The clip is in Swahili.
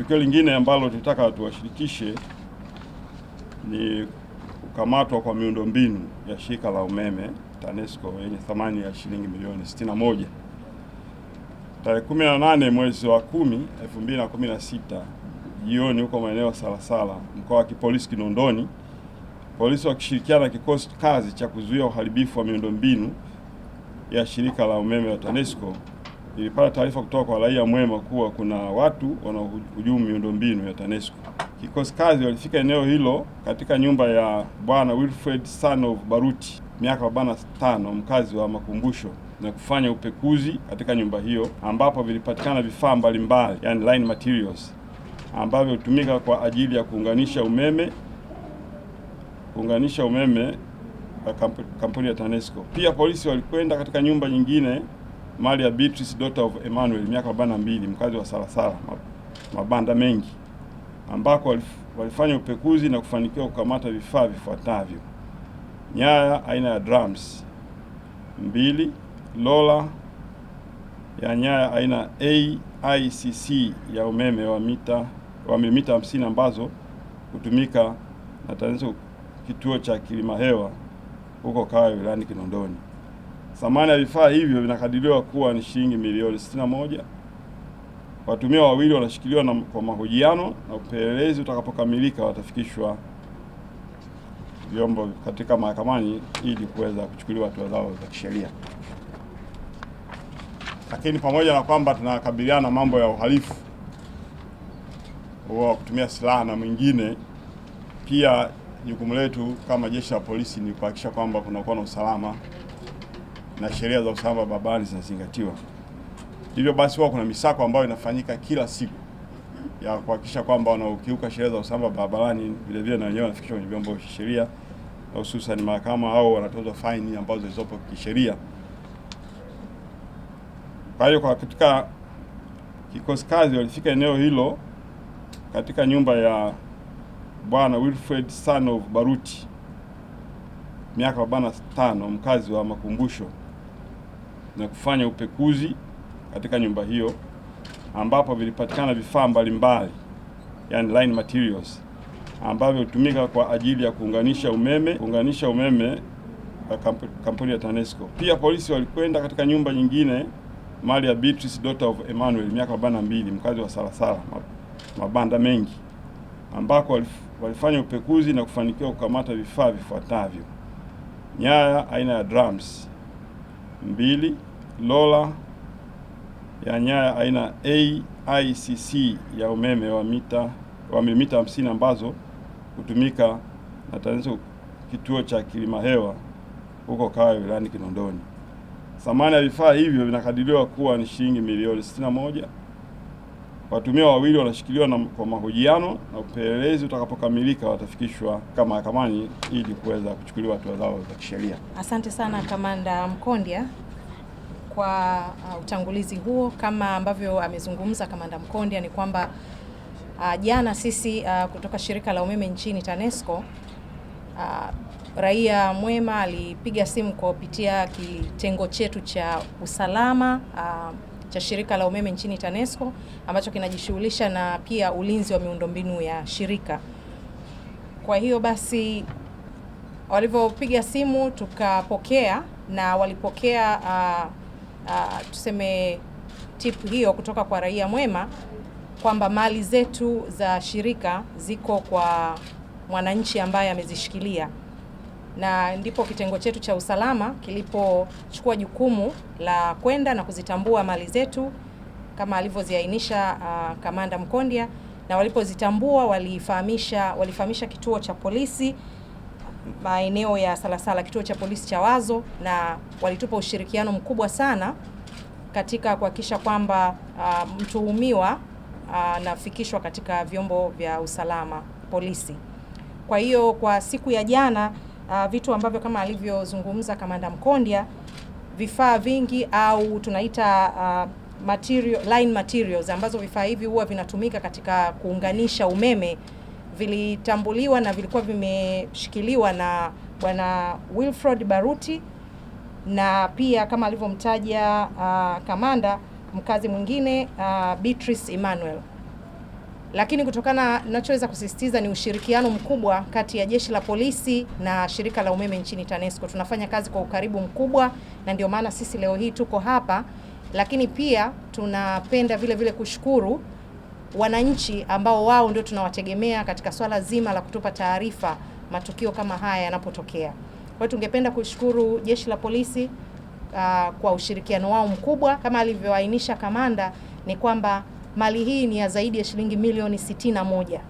Tukio lingine ambalo tunataka tuwashirikishe ni kukamatwa kwa miundombinu ya shirika la umeme TANESCO yenye thamani ya shilingi milioni 61 tarehe 18 mwezi wa 10 2016 jioni huko maeneo ya Salasala mkoa wa kipolisi Kinondoni, polisi wakishirikiana na kikosi kazi cha kuzuia uharibifu wa miundombinu ya shirika la umeme la TANESCO nilipata taarifa kutoka kwa raia mwema kuwa kuna watu wanaohujumu miundombinu ya TANESCO. Kikosi kazi walifika eneo hilo katika nyumba ya Bwana Wilfred son of Baruti miaka 45 mkazi wa Makumbusho na kufanya upekuzi katika nyumba hiyo ambapo vilipatikana vifaa mbalimbali, yani line materials ambavyo hutumika kwa ajili ya kuunganisha umeme kuunganisha umeme kampuni ya TANESCO. Pia polisi walikwenda katika nyumba nyingine mali ya Beatrice daughter of Emmanuel miaka 42 mkazi wa Salasala, mabanda mengi ambako walifanya upekuzi na kufanikiwa kukamata vifaa vifuatavyo: nyaya aina ya drums mbili, lola ya nyaya aina AICC ya umeme wa mita wa milimita 50 ambazo hutumika na TANESCO kituo cha kilima hewa huko Kawe wilayani Kinondoni. Thamani ya vifaa hivyo vinakadiriwa kuwa ni shilingi milioni 61. watumia wawili wanashikiliwa na kwa mahojiano na upelelezi utakapokamilika watafikishwa vyombo katika mahakamani ili kuweza kuchukuliwa hatua zao za kisheria. Lakini pamoja na kwamba tunakabiliana na mambo ya uhalifu wa kutumia silaha na mwingine, pia jukumu letu kama jeshi la polisi ni kuhakikisha kwamba kunakuwa na usalama na sheria za usalama barabarani zinazingatiwa. Hivyo basi huwa kuna misako ambayo inafanyika kila siku ya kuhakikisha kwamba wanaokiuka sheria za usalama barabarani vile vile na wenyewe wanafikishwa kwenye vyombo vya sheria hususan mahakama au wanatozwa faini ambazo zilizopo kisheria. Kwa hiyo kwa katika kikosi kazi walifika eneo hilo katika nyumba ya Bwana Wilfred Sanov Baruti miaka 45 mkazi wa Makumbusho na kufanya upekuzi katika nyumba hiyo ambapo vilipatikana vifaa mbalimbali, yani line materials ambavyo hutumika kwa ajili ya kuunganisha umeme kuunganisha umeme kampuni ya TANESCO. Pia polisi walikwenda katika nyumba nyingine mali ya Beatrice daughter of Emmanuel miaka 42 mkazi wa Salasala mabanda mengi ambako walifanya upekuzi na kufanikiwa kukamata vifaa vifuatavyo: nyaya aina ya drums mbili lola ya nyaya aina AICC ya umeme wa mita wa milimita 50 ambazo hutumika na TANESCO kituo cha kilima hewa huko Kawe wilayani Kinondoni. Thamani ya vifaa hivyo vinakadiriwa kuwa ni shilingi milioni 61. Watumia wawili wanashikiliwa na kwa mahojiano na upelelezi utakapokamilika watafikishwa kama kamani ili kuweza kuchukuliwa hatua zao za kisheria. Asante sana Kamanda mkondia kwa uh, utangulizi huo. Kama ambavyo amezungumza Kamanda mkondia ni kwamba uh, jana sisi uh, kutoka shirika la umeme nchini TANESCO uh, raia mwema alipiga simu kwa kupitia kitengo chetu cha usalama uh, cha shirika la umeme nchini TANESCO ambacho kinajishughulisha na pia ulinzi wa miundombinu ya shirika. Kwa hiyo basi walivyopiga simu tukapokea na walipokea uh, uh, tuseme tip hiyo kutoka kwa raia mwema kwamba mali zetu za shirika ziko kwa mwananchi ambaye amezishikilia, na ndipo kitengo chetu cha usalama kilipochukua jukumu la kwenda na kuzitambua mali zetu kama alivyoziainisha uh, Kamanda mkondia na walipozitambua walifahamisha walifahamisha kituo cha polisi maeneo ya Salasala, kituo cha polisi cha Wazo, na walitupa ushirikiano mkubwa sana katika kuhakikisha kwamba uh, mtuhumiwa ah, anafikishwa uh, katika vyombo vya usalama polisi. Kwa hiyo kwa siku ya jana uh, vitu ambavyo kama alivyozungumza Kamanda Mkondya, vifaa vingi au tunaita uh, material, line materials ambazo vifaa hivi huwa vinatumika katika kuunganisha umeme vilitambuliwa na vilikuwa vimeshikiliwa na Bwana Wilfred Baruti na pia kama alivyomtaja uh, kamanda mkazi mwingine uh, Beatrice Emmanuel. Lakini kutokana ninachoweza kusisitiza ni ushirikiano mkubwa kati ya jeshi la polisi na shirika la umeme nchini TANESCO. Tunafanya kazi kwa ukaribu mkubwa, na ndio maana sisi leo hii tuko hapa, lakini pia tunapenda vile vile kushukuru wananchi ambao wao ndio tunawategemea katika swala zima la kutupa taarifa matukio kama haya yanapotokea. Kwa hiyo tungependa kushukuru Jeshi la Polisi uh, kwa ushirikiano wao mkubwa. Kama alivyoainisha kamanda, ni kwamba mali hii ni ya zaidi ya shilingi milioni sitini na moja.